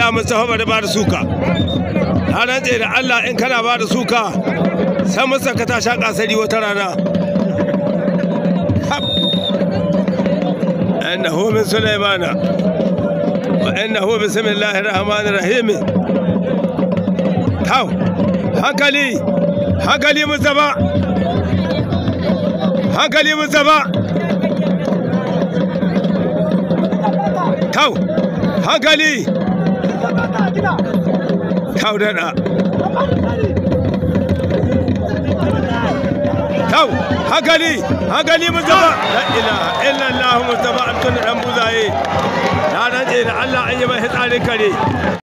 Allah mun bari da bada suka na rantse da Allah in kana bada suka sai musa ka ta sha kasari wata rana hu min sulaimana wa hu bismillahir rahmanir rahim taw hankali hankali zaba hankali mustafa taw hankali Kau dah nak. Kau, hagali, hagali Mustafa. La ilaha illallah Mustafa Abdul Rambuzaye. Na rantse da Allah an yi mai hitsari kare.